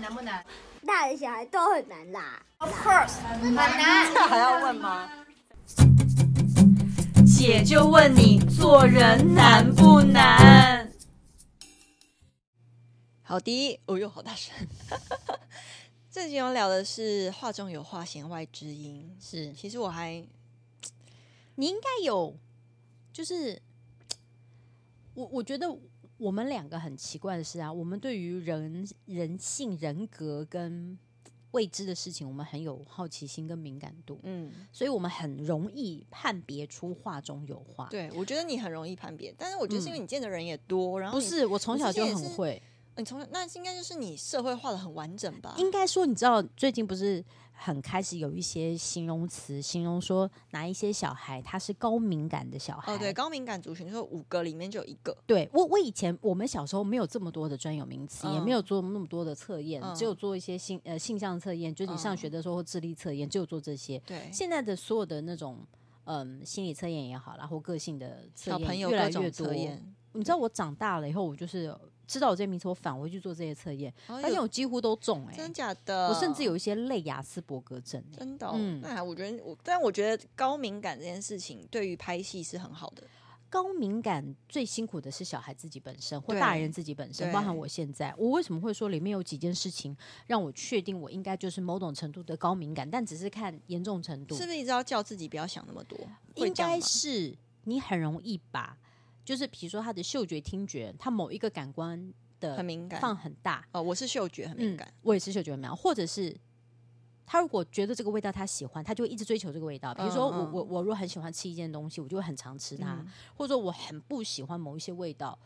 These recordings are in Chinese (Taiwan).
難不難？大人小孩都很難啦。Of course，難。還要問嗎？姐就問你做人難不難？好的。我、哦、呦，好大聲！最 近我聊的是話中有話，弦外之音是。其實我還，你應該有，就是我我覺得。我們兩個很奇怪的是啊，我們對於人人性、人格跟未知的事情，我們很有好奇心跟敏感度，嗯，所以我們很容易判別出話中有話。對，我覺得你很容易判別，但是我覺得是因為你見的人也多，嗯，然後不是我從小就很會。你從那應該就是你社會化的很完整吧？應該說，你知道最近不是很開始有一些形容詞形容說哪一些小孩他是高敏感的小孩，哦，對高敏感族群，就說五個裡面就有一個。對，我我以前我們小時候沒有這麼多的專有名詞，嗯，也沒有做那麼多的測驗，嗯，只有做一些性呃性向測驗，就是你上學的時候或智力測驗，只有做這些。嗯，對現在的所有的那種嗯心理測驗也好，然後個性的測驗越，越來越多。你知道我長大了以後，我就是。知道我這名詞，我返回去做這些測驗，哦、呦發現我幾乎都中哎、欸，真的假的？我甚至有一些類亞斯伯格症、欸，真的、哦。嗯，那還我覺得我，但我覺得高敏感這件事情對於拍戲是很好的。高敏感最辛苦的是小孩自己本身，或大人自己本身，對包含我現在，對我為什麼會說裡面有幾件事情讓我確定我應該就是某種程度的高敏感？但只是看嚴重程度，是不是？你知道叫自己不要想那麼多，應該是你很容易吧。就是比如說他的嗅覺、聽覺，他某一個感官的放很大。很敏感。哦，我是嗅覺很敏感、嗯，我也是嗅覺很敏感。或者是他如果覺得這個味道他喜歡，他就一直追求這個味道。比如說我嗯嗯我我如果很喜歡吃一件東西，我就會很常吃它；嗯、或者說我很不喜歡某一些味道。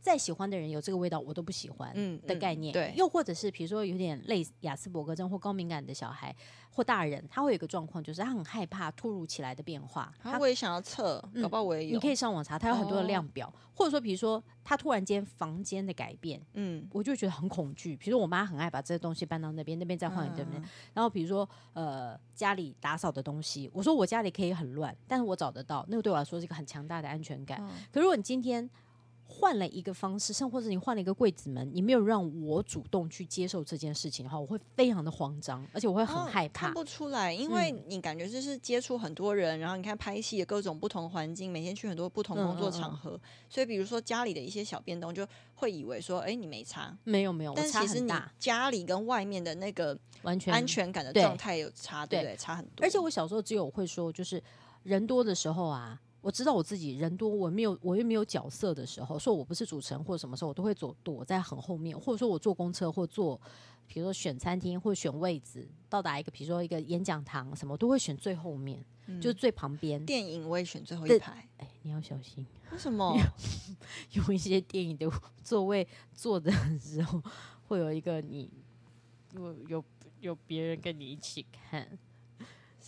再喜歡的人有這個味道，我都不喜歡。嗯，的概念。嗯嗯、對。又或者是，比如說，有點類似亞斯伯格症或高敏感的小孩或大人，他會有一個狀況，就是他很害怕突如其來的變化。啊、他我也想要測，嗯、搞不好我也有。你可以上網查，他有很多的量表，哦、或者說，比如說，他突然間房間的改變，嗯，我就覺得很恐懼。比如說，我媽很愛把這些東西搬到那邊，那邊再換到這邊、嗯、然後，比如說，呃，家裡打掃的東西，我說我家裡可以很亂，但是我找得到，那個對我來說是一個很強大的安全感。哦、可如果你今天。換了一個方式，像或者你換了一個櫃子門，你沒有讓我主動去接受這件事情的話，我會非常的慌張，而且我會很害怕。哦，看不出來，因為你感覺就是接觸很多人，嗯，然後你看拍戲的各種不同環境，每天去很多不同工作場合，嗯嗯嗯，所以比如說家裡的一些小變動，就會以為說，哎、欸，你沒差，沒有沒有，但其實你家裡跟外面的那個完全安全感的狀態有差，對不對，對？差很多。而且我小時候只有會說，就是人多的時候啊。我知道我自己人多，我沒有，我又沒有角色的時候，說我不是主持人或者什麼時候，我都會走躲在很後面，或者說我坐公車或坐，比如說選餐廳或選位置，到達一個比如說一個演講堂什麼都會選最後面，嗯、就是最旁邊。電影我也選最後一排，哎、欸，你要小心。為什麼？有，有一些電影的座位坐的時候，會有一個你，有有有別人跟你一起看。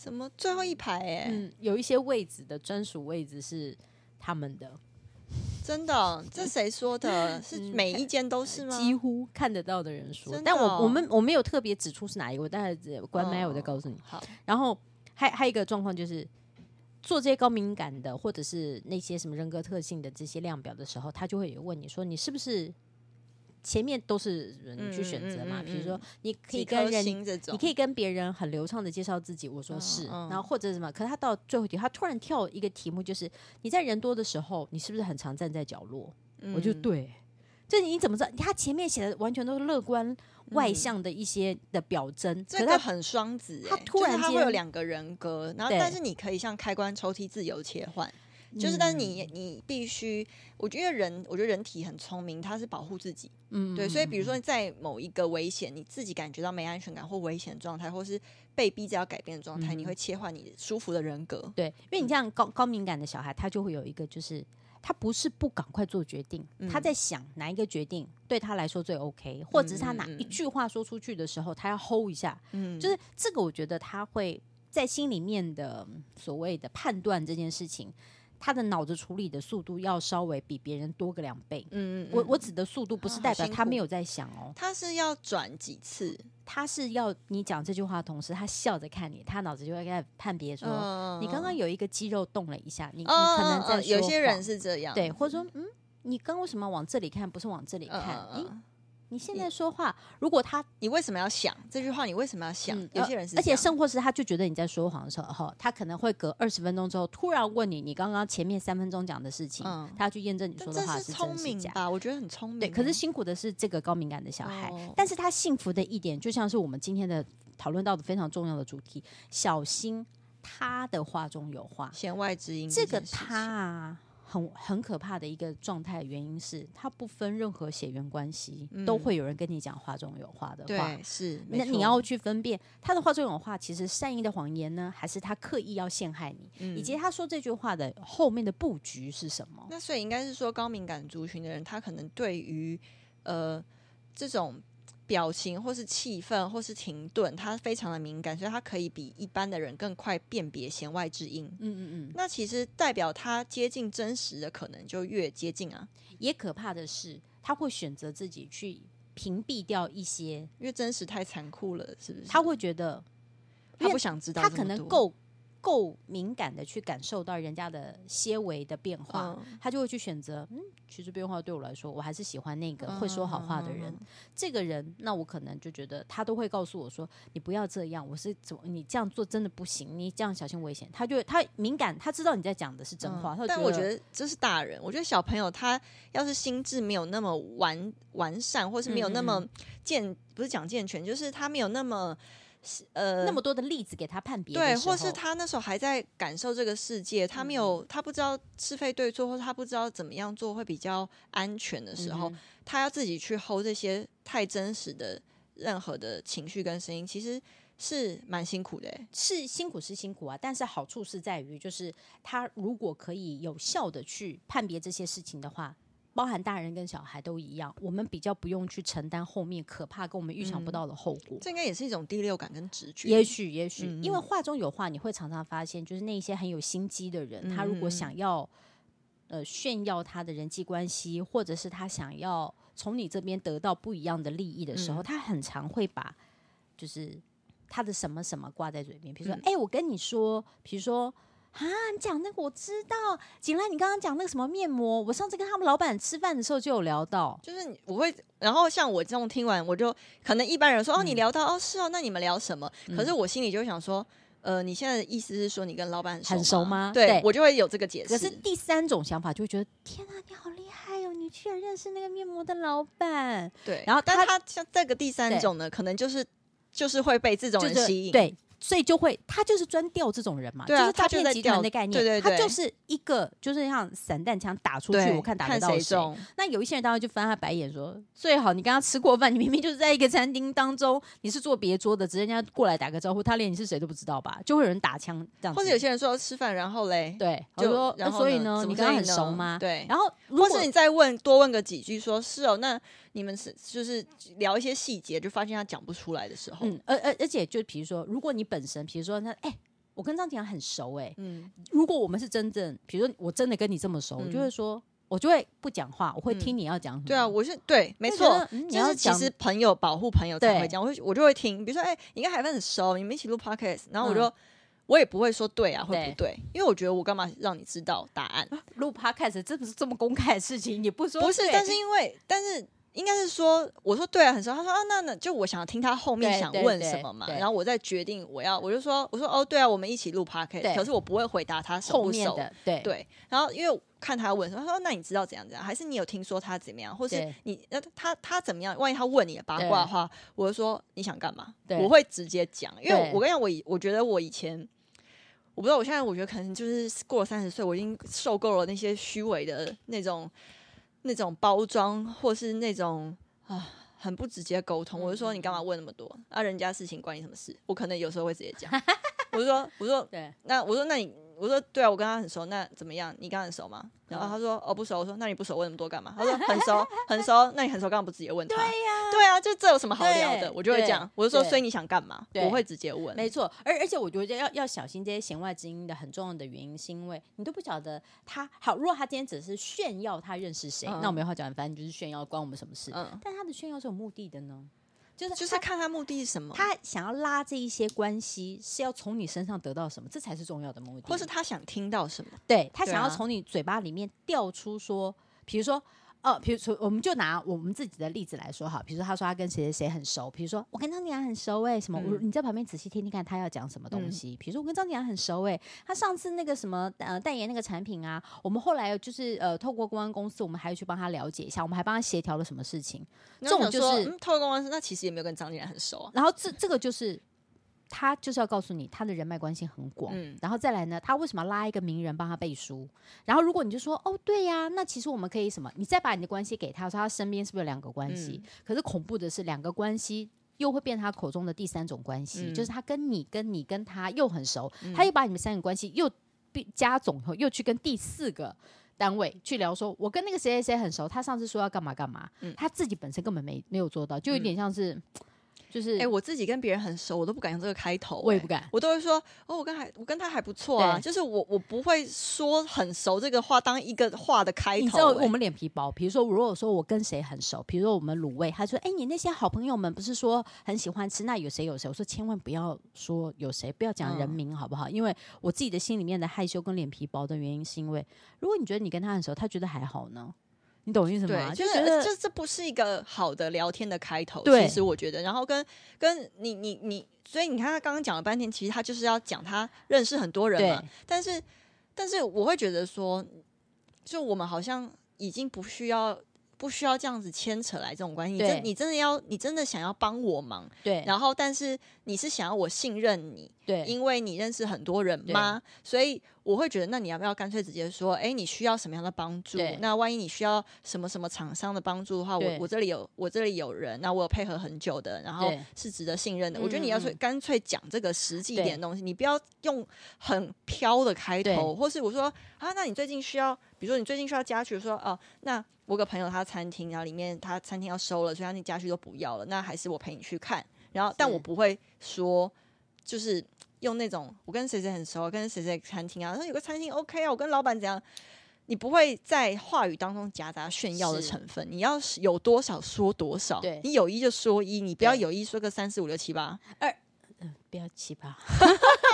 怎麼最後一排、欸？哎，嗯，有一些位置的專屬位置是他們的，真的，哦？這誰說的？ 是每一間都是嗎、嗯？幾乎看得到的人說，哦、但我我們我沒有特別指出是哪一個，我待會關麥我再告訴你。好，然後還還有一個狀況就是，做這些高敏感的或者是那些什麼人格特性的這些量表的時候，他就會問你說，你是不是？前面都是你去選擇嘛，比、嗯嗯嗯嗯、如說你可以跟人，你可以跟別人很流暢的介紹自己。我說是，嗯嗯然後或者什麼，可是他到最後，他突然跳一個題目，就是你在人多的時候，你是不是很常站在角落？嗯、我就對，就你怎麼知道？他前面寫的完全都是樂觀外向的一些的表徵，嗯、可他這個很雙子、欸，他突然就他會有兩個人格，然後但是你可以像開關抽屜自由切換。就是，但是你、嗯、你必須，我覺得人，我覺得人體很聰明，它是保護自己，嗯，對，所以比如說在某一個危險，你自己感覺到沒安全感或危險的狀態，或是被逼着要改變的狀態，嗯、你會切換你舒服的人格，對，因為你這樣高、嗯、高敏感的小孩，他就會有一個，就是他不是不趕快做決定，嗯、他在想哪一個決定對他來說最 OK，或者是他哪一句話說出去的時候，嗯、他要 hold 一下，嗯，就是這個，我覺得他會在心裡面的所謂的判斷這件事情。他的腦子處理的速度要稍微比別人多個兩倍。嗯嗯，嗯我我指的速度不是代表他沒有在想哦，他是要轉幾次，他是要，他是要你講這句話同時，他笑着看你，他腦子就會在判別說，嗯、你剛剛有一個肌肉動了一下，嗯、你你可能在、嗯嗯。有些人是這樣，對，或者說，嗯，你剛為什麼往這裡看，不是往這裡看？嗯嗯欸你現在說話，如果他，你為什麼要想這句話？你為什麼要想？要想嗯呃、有些人是，而且甚或是他就覺得你在說謊的時候，他可能會隔二十分鐘之後突然問你，你剛剛前面三分鐘講的事情，嗯、他要去驗證你說的話，這是聰明吧，是真是假吧？我覺得很聰明，啊。可是辛苦的是這個高敏感的小孩，哦、但是他幸福的一點，就像是我們今天的討論到的非常重要的主題：小心他的話中有話，弦外之音這，這個他。很很可怕的一個狀態，原因是他不分任何血緣關係，嗯、都會有人跟你講話中有話的話。對，是。那沒錯，你要去分辨他的話中有話，其實善意的謊言呢，還是他刻意要陷害你，嗯、以及他說這句話的後面的布局是什麼？那所以應該是說，高敏感族群的人，他可能對於呃這種。表情或是氣氛或是停頓，他非常的敏感，所以他可以比一般的人更快辨別弦外之音。嗯嗯嗯，那其實代表他接近真實的可能就越接近啊。也可怕的是，他會選擇自己去屏蔽掉一些，因為真實太殘酷了，是不是？他會覺得他不想知道，他可能夠。夠敏感的去感受到人家的些微的變化，嗯、他就會去選擇。嗯，其實變化對我來說，我還是喜歡那個會說好話的人。嗯嗯、這個人，那我可能就覺得他都會告訴我說：“你不要這樣，我是怎麼，你這樣做真的不行，你這樣小心危險。”他就，他敏感，他知道你在講的是真話。嗯、他，但我覺得這是大人，我覺得小朋友他要是心智沒有那麼完完善，或是沒有那麼健，嗯嗯嗯，不是講健全，就是他沒有那麼。呃，那麼多的例子給他判別，對，或是他那時候還在感受這個世界，他沒有，他不知道是非對錯，或是他不知道怎麼樣做會比較安全的時候，嗯嗯，他要自己去 hold 這些太真實的任何的情緒跟聲音，其實是蠻辛苦的，欸，是辛苦是辛苦啊，但是好處是在於，就是他如果可以有效的去判別這些事情的話。包含大人跟小孩都一樣，我們比較不用去承擔後面可怕跟我們預想不到的後果，嗯。這應該也是一種第六感跟直覺。也許，也許，嗯、因為話中有話，你會常常發現，就是那些很有心機的人，嗯、他如果想要呃炫耀他的人際關係，或者是他想要從你這邊得到不一樣的利益的時候，嗯、他很常會把就是他的什麼什麼掛在嘴邊，比如說，哎、嗯欸，我跟你說，比如說。啊，你講那個我知道，錦蘭，你剛剛講那個什麼面膜，我上次跟他們老板吃飯的時候就有聊到，就是我會，然後像我這種聽完，我就可能一般人說、嗯、哦，你聊到哦是哦、啊，那你們聊什麼？嗯、可是我心裡就想說，呃，你現在的意思是說你跟老板很熟嗎？熟嗎？對，對我就會有這個解釋。可是第三種想法就會覺得，天啊，你好厲害哦，你居然認識那個面膜的老板。對，然後他但他像這個第三種呢，對可能就是就是會被這種人吸引。就是、對。所以就會，他就是專釣這種人嘛，就是詐騙集團的概念，他就是一個就是像散彈槍打出去，我看打得到誰。那有一些人當然就翻他白眼說：“最好你跟他吃過飯，你明明就是在一個餐廳當中，你是坐別桌的，直接人家過來打個招呼，他連你是誰都不知道吧？”就會有人打槍這樣。或者有些人說要吃飯，然後嘞，對，就說，所以呢，你跟他很熟嗎？對，然後，或是你再問多問個幾句，說是哦，那你們是就是聊一些細節，就發現他講不出來的時候，而而而且就比如說，如果你。本身，比如說，那哎，我跟張景很熟哎，嗯，如果我們是真正，比如說，我真的跟你這麼熟，我就會說，我就會不講話，我會聽你要講什麼。對啊，我是對，沒錯，就是其實朋友保護朋友才會講，我會我就會聽。比如說，哎，你跟海帆很熟，你們一起錄 podcast，然後我就我也不會說對啊，會不對，因為我覺得我幹嘛讓你知道答案？錄 podcast 這不是這麼公開的事情，你不說不是，但是因為但是。應該是說，我說對啊，很熟。他說啊，那那就我想聽他後面想問什麼嘛，對對對，然後我再決定我要。我就說，我說哦，對啊，我們一起錄 podcast，對 可是我不會回答他熟不熟，後面的，對,對然後因為看他問什麼，他說那你知道怎樣怎樣，還是你有聽說他怎麼樣，或是你對他他怎麼樣？萬一他問你八卦的話，對我就說你想幹嘛？對我會直接講，因為我跟你講，我我覺得我以前我不知道，我現在我覺得可能就是過了三十歲，我已經受夠了那些虛偽的那種。那種包裝，或是那種啊，很不直接溝通。嗯、我就說，你幹嘛問那麼多啊？人家事情關你什麼事？我可能有時候會直接講， 我就說，我說，對，那我說，那你。我說對啊，我跟他很熟，那怎麼樣？你跟他很熟嗎？然後他說哦不熟，我說那你不熟問那麼多幹嘛？他說很熟很熟，那你很熟幹嘛不直接問他？對呀，對啊，就這有什麼好聊的？我就會講，我就說所以你想幹嘛？我會直接問，沒錯。而而且我覺得要要小心這些弦外之音的很重要的原因，是因為你都不曉得他好。如果他今天只是炫耀他認識誰，那我沒話講，反正你就是炫耀，關我們什麼事？嗯。但他的炫耀是有目的的呢。就是，就是看他目的是什麼，他想要拉這一些關係是要從你身上得到什麼，這才是重要的目的，或是他想聽到什麼，對，他想要從你嘴巴裡面釣出說，啊、比如說。哦，比如說，我們就拿我們自己的例子來說哈，比如說，他說他跟誰誰誰很熟。比如說，我跟張麗然很熟為、欸、什麼？我、嗯、你在旁邊仔細聽聽看，他要講什麼東西。比、嗯、如說，我跟張麗然很熟誒、欸，他上次那個什麼呃代言那個產品啊，我們後來就是呃透過公關公司，我們還要去幫他了解一下，我們還幫他協調了什麼事情。說這種就是、嗯、透過公關公司，那其實也沒有跟張麗然很熟、啊、然後這這個就是。他就是要告訴你，他的人脈關係很廣。嗯、然後再來呢，他為什麼拉一個名人幫他背書？然後如果你就說哦，對呀，那其實我們可以什麼？你再把你的關係給他說，他身邊是不是有兩個關係？嗯、可是恐怖的是，兩個關係又會變他口中的第三種關係，嗯、就是他跟你、跟你、跟他又很熟，嗯、他又把你們三個關係又加總後，又去跟第四個單位去聊說，說我跟那個誰誰誰很熟，他上次說要幹嘛幹嘛，嗯、他自己本身根本沒沒有做到，就有點像是。嗯就是哎、欸，我自己跟別人很熟，我都不敢用這個開頭、欸。我也不敢，我都會說哦，我跟還我跟他還不錯啊。對就是我我不會說很熟這個話當一個話的開頭、欸。你知道我們臉皮薄。比如說，如果說我跟誰很熟，比如說我們滷味，他說哎、欸，你那些好朋友們不是說很喜歡吃？那有誰有誰？我說千萬不要說有誰，不要講人名、嗯、好不好？因為我自己的心裡面的害羞跟臉皮薄的原因，是因為如果你覺得你跟他很熟，他覺得還好呢。你懂意思嗎、啊？對，就是這，這、就是就是、不是一個好的聊天的開頭。對其實我覺得，然後跟跟你你你，所以你看他剛剛講了半天，其實他就是要講他認識很多人嘛。對但是，但是我會覺得說，就我們好像已經不需要。不需要這樣子牽扯來這種關係，你真對你真的要，你真的想要幫我忙，對，然後但是你是想要我信任你，對，因為你認識很多人嗎？對所以我會覺得，那你要不要乾脆直接說，誒、欸，你需要什麼樣的幫助？對那萬一你需要什麼什麼廠商的幫助的話，對我我這裡有我這裡有人，那我有配合很久的，然後是值得信任的。對我覺得你要說乾脆講這個實際一點的東西，對你不要用很飄的開頭，對或是我說啊，那你最近需要，比如說你最近需要家具，說哦，那。我有個朋友他餐廳，然後裡面他餐廳要收了，所以他那家具都不要了。那還是我陪你去看，然後是但我不會說，就是用那種我跟誰誰很熟，跟誰誰餐廳啊，他說有個餐廳 OK 啊，我跟老板怎樣，你不會在話語當中夾雜炫耀的成分，是你要有多少說多少，對，你有一就說一，你不要有一說個三四五六七八二，對嗯，不要七八。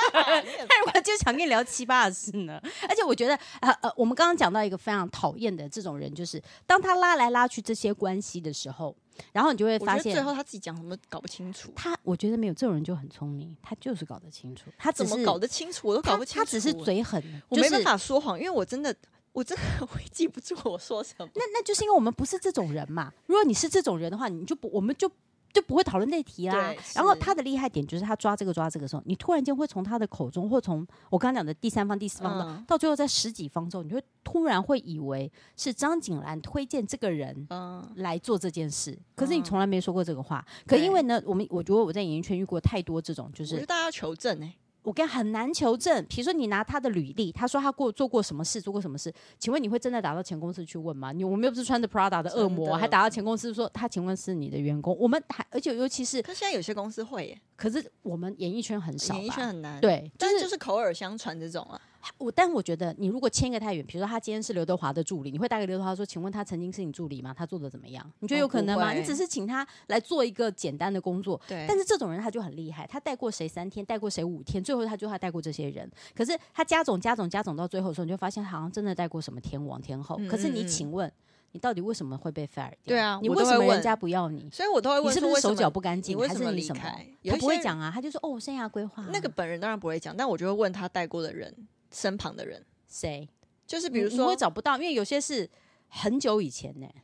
他如果就想跟你聊七八的事呢？ 而且我覺得，呃呃，我們剛剛講到一個非常討厭的這種人，就是當他拉來拉去這些關係的時候，然後你就會發現，最後他自己講什麼搞不清楚。他我覺得沒有這種人就很聰明，他就是搞得清楚。他怎麼搞得清楚？我都搞不清楚。楚。他只是嘴狠，我沒辦法說謊，就是、因為我真的，我真的會記不住我說什麼。 那那就是因為我們不是這種人嘛。如果你是這種人的話，你就不，我們就。就不會討論那題啦。然後他的厲害點就是他抓這個抓這個時候，你突然間會從他的口中，或從我剛剛講的第三方、第四方到，嗯、到最後在十幾方中，你就突然會以為是張景嵐推薦這個人來做這件事。嗯、可是你從來沒說過這個話。嗯、可因為呢，我們對我覺得我在演藝圈遇過太多這種，就是我覺得大家求證呢、欸。我跟很難求證，比如說你拿他的履歷，他說他過做過什麼事，做過什麼事？請問你會真的打到前公司去問嗎？你我們又不是穿着 Prada 的惡魔，還打到前公司說他？請問是你的員工？我們還而且尤其是，他現在有些公司會耶，可是我們演藝圈很少吧，演藝圈很難，對，就是、但是就是口耳相傳這種啊。我但我覺得，你如果簽個太遠，比如說他今天是劉德華的助理，你會帶給劉德華說，請問他曾經是你助理嗎？他做的怎麼樣？你覺得有可能嗎？哦、你只是請他來做一個簡單的工作，對。但是這種人他就很厲害，他帶過誰三天，帶過誰五天，最後他就他帶過這些人。可是他加總加總加總到最後的時候，你就發現他好像真的帶過什麼天王天後。嗯、可是你請問，嗯、你到底為什麼會被 fire 掉？對啊，你為什麼人家不要你？所以我都會問，你是不是手腳不乾淨？你為什麼離開？他不會講啊，他就說哦，生涯規劃、啊。那個本人當然不會講，但我就會問他帶過的人。身旁的人，誰誰？就是比如說，你會找不到，因為有些是很久以前呢、欸。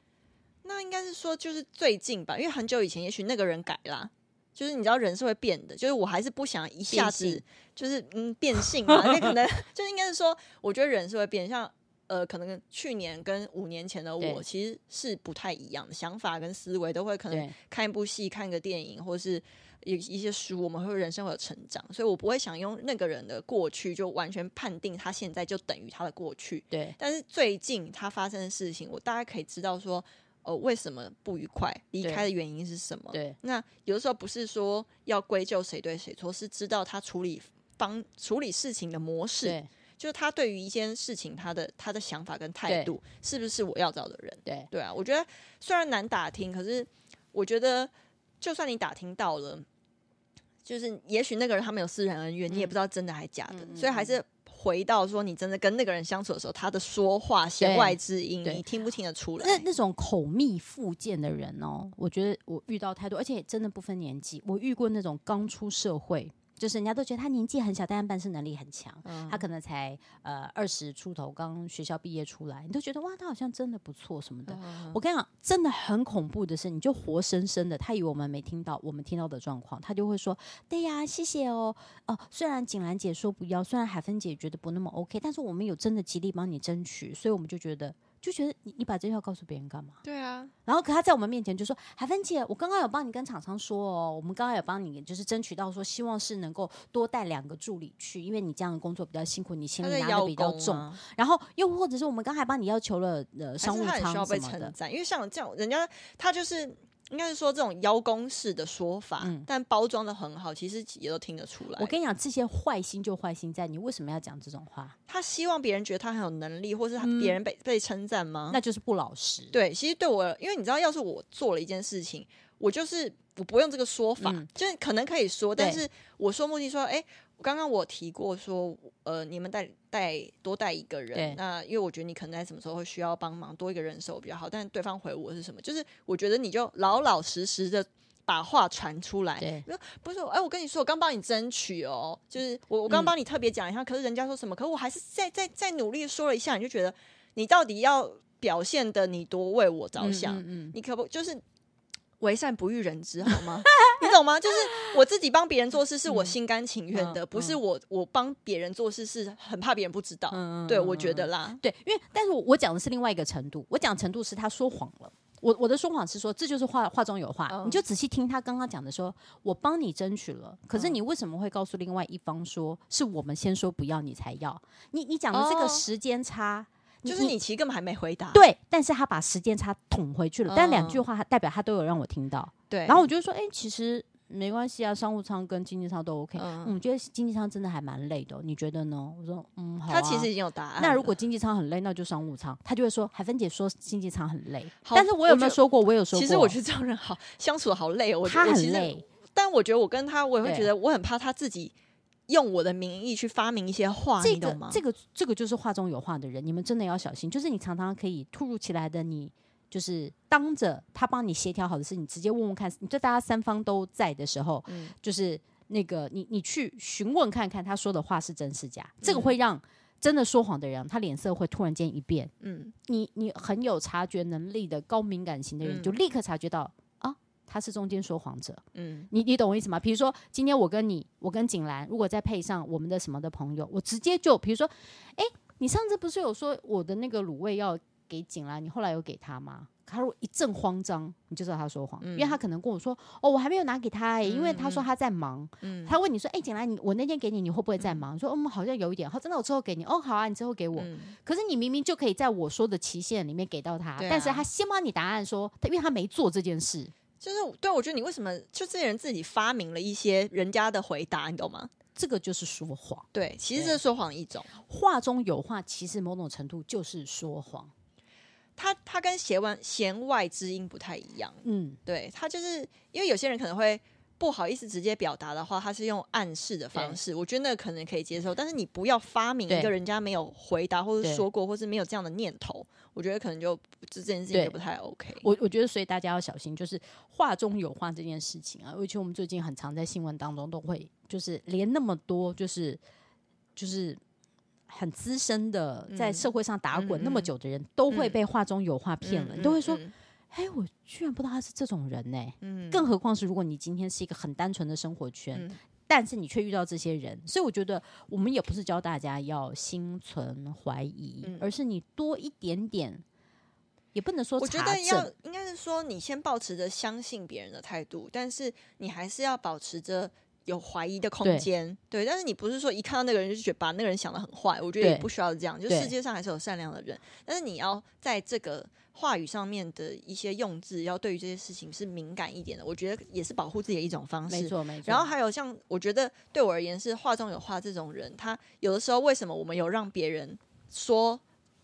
那應該是說，就是最近吧，因為很久以前，也許那個人改啦。就是你知道，人是會變的。就是我還是不想一下子性就是嗯變性嘛，因為 可能就是、應該是說，我覺得人是會變。像呃，可能去年跟五年前的我對其實是不太一樣的想法跟思維，都會可能看一部戲、對看個電影，或是。一一些書，我們會人生會有成長，所以我不會想用那個人的過去就完全判定他現在就等於他的過去。對，但是最近他發生的事情，我大概可以知道說，哦，為什麼不愉快，離開的原因是什麼？對。那有的時候不是說要歸咎誰對誰錯，是知道他處理方處理事情的模式，對就是他對於一件事情他的他的想法跟態度對是不是我要找的人？對對啊，我覺得雖然難打聽，可是我覺得就算你打聽到了。就是，也許那個人他們有私人恩怨，你也不知道真的還假的，嗯、所以還是回到說，你真的跟那個人相處的時候，他的說話弦外之音，對你聽不聽得出來？那那種口蜜腹劍的人哦，我覺得我遇到太多，而且真的不分年紀，我遇過那種剛出社會。就是人家都覺得他年紀很小，但是辦事能力很強。嗯、他可能才呃二十出頭，剛學校畢業出來，你都覺得哇，他好像真的不錯什麼的。嗯、我跟你講，真的很恐怖的是，你就活生生的，他以為我們沒聽到，我們聽到的狀況，他就會說，對呀，謝謝哦。哦，雖然景蘭姐說不要，雖然海芬姐覺得不那麼 OK，但是我們有真的極力幫你爭取，所以我們就覺得。就覺得你你把這話告訴別人幹嘛？對啊，然後可他在我們面前就說海芬姐，我剛剛有幫你跟廠商說哦，我們剛剛有幫你就是爭取到說，希望是能夠多帶兩個助理去，因為你這樣的工作比較辛苦，你心裡拿的比較重。啊，然後又或者是我們剛才幫你要求了呃商務艙什麼的，因為像這樣人家他就是。應該是說這種邀功式的說法，嗯、但包裝得很好，其實也都聽得出來。我跟你講，這些壞心就壞心在你，你為什麼要講這種話？他希望別人覺得他很有能力，或是他別人被、嗯、被稱讚嗎？那就是不老實。對，其實對我，因為你知道，要是我做了一件事情。我就是我不用這個說法，嗯、就是可能可以說，但是我說目的說，哎對，剛剛、欸、我提過說，呃，你們帶帶多帶一個人，對那因為我覺得你可能在什麼時候會需要幫忙，多一個人的時候比較好。但是對方回我是什麼？就是我覺得你就老老實實的把話傳出來。對不是，哎、欸，我跟你說，我剛幫你爭取哦、喔，就是我我剛幫你特別講一下。嗯、可是人家說什麼？可是我還是再再再努力說了一下，你就覺得你到底要表現的你多為我着想嗯？嗯，嗯你可不就是？為善不欲人知，好嗎？ 你懂嗎？就是我自己幫別人做事，是我心甘情願的，嗯嗯、不是我我幫別人做事是很怕別人不知道。嗯、對，我覺得啦，對，因為但是我，我講的是另外一個程度，我講程度是他說謊了，我我的說謊是說這就是話，話中有話，哦、你就仔細聽他剛剛講的說，說我幫你爭取了，可是你為什麼會告訴另外一方說是我們先說不要你才要？你你講的這個時間差。哦.就是你其實根本還沒回答，對，但是他把時間差捅回去了。嗯、但兩句話代表他都有讓我聽到，對，然後我就說，哎、欸，其實沒關係啊，商務艙跟經濟艙都 OK，嗯，嗯，我覺得經濟艙真的還蠻累的，你覺得呢？我說，嗯，啊、他其實已經有答案，那如果經濟艙很累，那就商務艙，他就會說，海芬姐說經濟艙很累。好但是我有沒有說過？我，就我有說過，其實我覺得這樣人好相處好累，我覺得他很累，但我覺得我跟他，我也會覺得我很怕他自己。用我的名義去發明一些話，這個嗎這個這個就是話中有話的人，你們真的要小心。就是你常常可以突如其來的你，你就是當着他幫你協調好的事，你直接問問看，你在大家三方都在的時候，嗯、就是那個你你去詢問看看他說的話是真是假，嗯、這個會讓真的說謊的人他臉色會突然間一變。嗯，你你很有察覺能力的高敏感型的人、嗯、就立刻察覺到。他是中間說謊者，嗯，你你懂我意思嗎？比如說今天我跟你，我跟景蘭，如果再配上我們的什麼的朋友，我直接就，比如說，誒、欸，你上次不是有說我的那個滷味要給景蘭，你後來有給他嗎？他說一陣慌張，你就知道他說謊，嗯、因為他可能跟我說，哦，我還沒有拿給他、欸，嗯、因為他說他在忙，嗯，他問你說，誒、欸，景蘭，你我那天給你，你會不會在忙？嗯、說，嗯、哦，好像有一點，好，真的我之後給你，哦，好啊，你之後給我，嗯、可是你明明就可以在我說的期限裡面給到他，啊、但是他先幫你答案說，因為他沒做這件事。就是對，我覺得你為什麼就這些人自己發明了一些人家的回答，你懂嗎？這個就是說謊。對，其實這是說謊一種，話中有話，其實某種程度就是說謊。他他跟弦外弦外之音不太一樣。嗯，對，他就是因為有些人可能會。不好意思，直接表達的話，他是用暗示的方式。對我覺得那可能可以接受，但是你不要發明一個人家沒有回答，對或者說過，或是沒有這樣的念頭。對我覺得可能就這件事情也不太 OK。我我覺得，所以大家要小心，就是話中有話這件事情啊。尤其我們最近很常在新聞當中都會，就是連那麼多就是就是很資深的在社會上打滾那麼久的人，都會被話中有話騙了，嗯嗯嗯嗯嗯、都會說。哎、欸，我居然不知道他是這種人呢、欸。嗯，更何況是如果你今天是一個很單純的生活圈，嗯、但是你卻遇到這些人，所以我覺得我們也不是教大家要心存懷疑，嗯、而是你多一點點，也不能說。我覺得要應該是說，你先保持着相信別人的態度，但是你還是要保持着。有懷疑的空間，對，對，但是你不是說一看到那個人就覺得把那個人想得很壞，我覺得也不需要這樣。對就世界上還是有善良的人，對但是你要在這個話語上面的一些用字，要對於這些事情是敏感一點的，我覺得也是保護自己的一種方式。沒錯，沒錯。然後還有像我覺得對我而言是話中有話這種人，他有的時候為什麼我們有讓別人說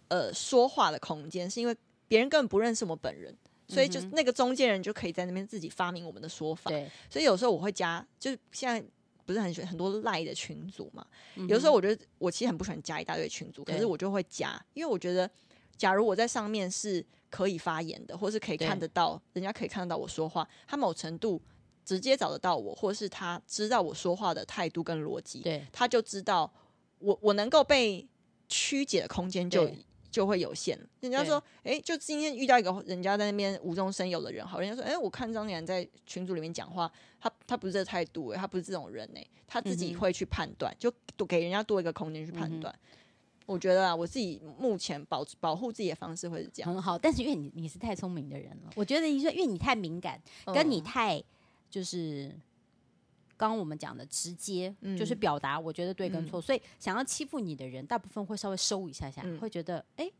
呃說話的空間，是因為別人根本不認識我本人。所以就那個中間人就可以在那邊自己發明我們的說法。對、嗯哼。所以有時候我會加，就是現在不是很喜歡很多賴的群組嘛。嗯、哼有時候我覺得我其實很不喜歡加一大堆群組，嗯、哼可是我就會加，因為我覺得，假如我在上面是可以發言的，或是可以看得到、嗯、哼人家可以看得到我說話，他某程度直接找得到我，或是他知道我說話的態度跟邏輯，對、嗯哼，他就知道我我能夠被曲解的空間就已。嗯就會有限。人家說，哎對、欸，就今天遇到一個人家在那邊無中生有的人，好，人家說，哎、欸，我看張岩在群組裡面講話，他他不是這態度哎、欸，他不是這種人哎、欸，他自己會去判斷，嗯、哼就給人家多一個空間去判斷。嗯、哼我覺得啊，我自己目前保保護自己的方式會是這樣，很好，好，但是因為你你是太聰明的人了，我覺得你說因為你太敏感，嗯、跟你太就是。剛剛我們講的直接就是表達，我覺得對跟錯，所以想要欺負你的人，大部分會稍微收一下下，會覺得哎，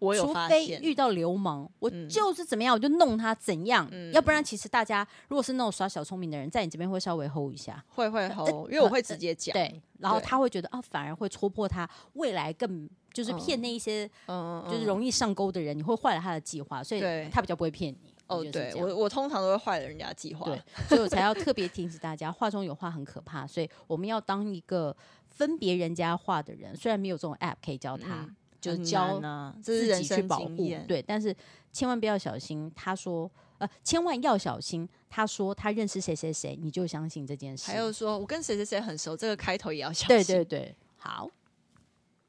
除非遇到流氓，我就是怎麼樣，我就弄他怎樣，要不然其實大家如果是那種耍小聰明的人，在你這邊會稍微 hold 一下，會會 hold，因為我會直接講，對，然後他會覺得啊，反而會戳破他未來更就是騙那一些，嗯，就是容易上鈎的人，你會壞了他的計劃，所以他比較不會騙你。哦，oh, 對，我我通常都會壞了人家計劃，對，所以我才要特別提醒大家，話中有話很可怕， 所以我們要當一個分別人家話的人。雖然沒有這種 app 可以教他，嗯、就教呢，這是人生經驗，自己去保護，對，但是千萬不要小心他說，呃，千萬要小心他說他認識誰誰誰，你就相信這件事。還有說，我跟誰誰誰很熟，這個開頭也要小心。對對對，好。